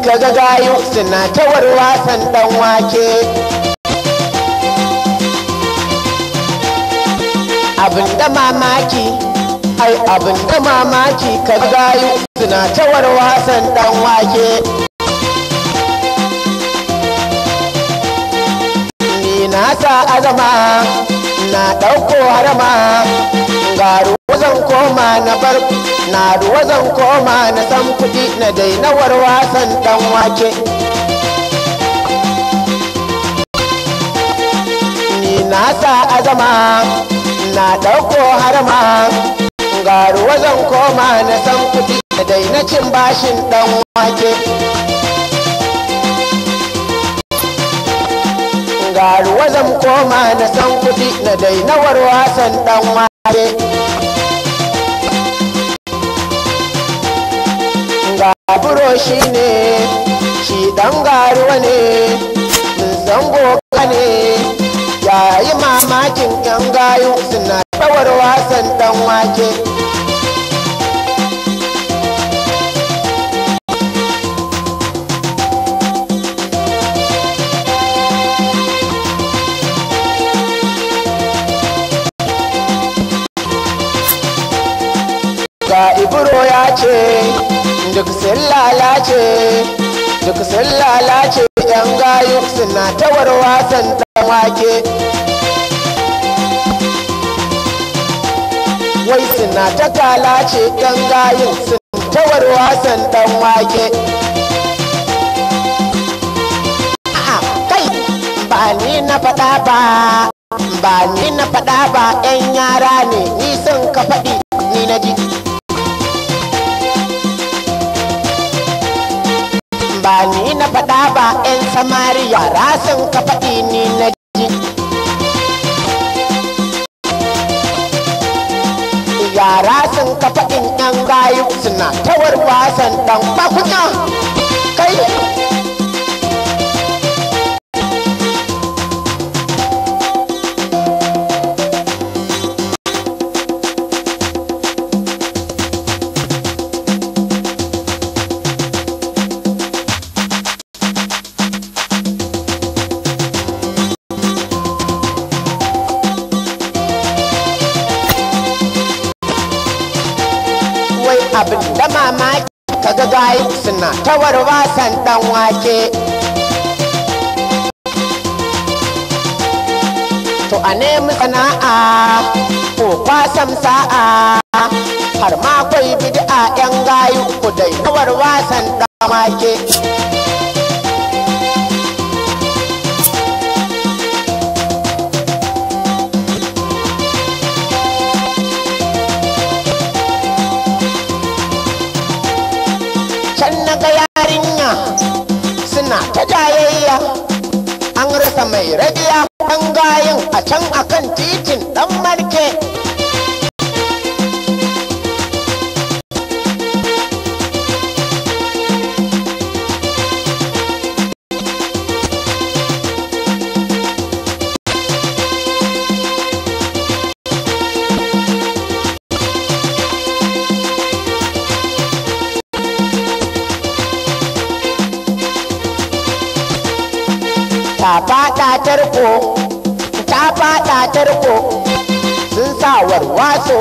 kaga gayu suna ta warwasan dan wake abin da mamaki ai abin da mamaki kaga gayu suna ta warwasan dan wake ni na sa azama na ɗauko harama garu wazan koma na bar na ruwa zan koma na san kuɗi na daina warwasan ɗan wake ni na sa azama na ɗauko harma ga ruwa zan koma na san kuɗi na daina cin bashin ɗan wake ga ruwa zan koma na san kuɗi na daina warwasan ɗan wake Aburo shi ne, shi ɗan garuwa ne, zango ne, yayi mamakin ‘yan gayu suna kawar wasan ɗan wake. Ga Ibro ya ce, duk sun lalace duk sun lalace yan gayu suna ta warwasan dan wake wai suna ta kalace yan gayu sun ta warwasan dan wake kai ba ni na faɗa ba ba ni na faɗa ba yan yara ne ni sun ka faɗi ni na ji ni na faɗa ba 'yan samariya rasin kafaɗi ni na ji yara sun kafaɗin 'yan gayu suna tawar wasan ɗan bakuna kai ta mamaki kaga gai suna ta wasan dan wake to a nemi sana'a ko kwasan sa'a har ma kwai bid'a yan gayu ku dai wasan dan wake a can akan titin dan marke ta fata ta fada tarko sun sa warwaso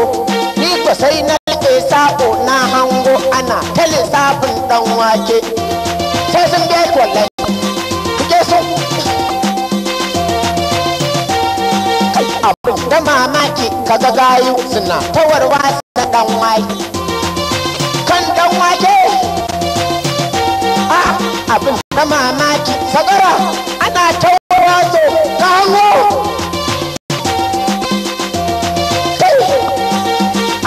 ni ko sai na ke sako na hango ana ta lissafin dan wake sai sun ga kwallon kike so kai abin da mamaki kaga gayu suna ta warwaso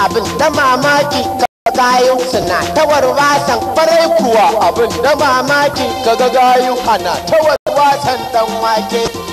abin da mamaki kaga gayu suna tawar wasan farai kuwa abin da mamaki kaga gayu ana tawar wasan dan wake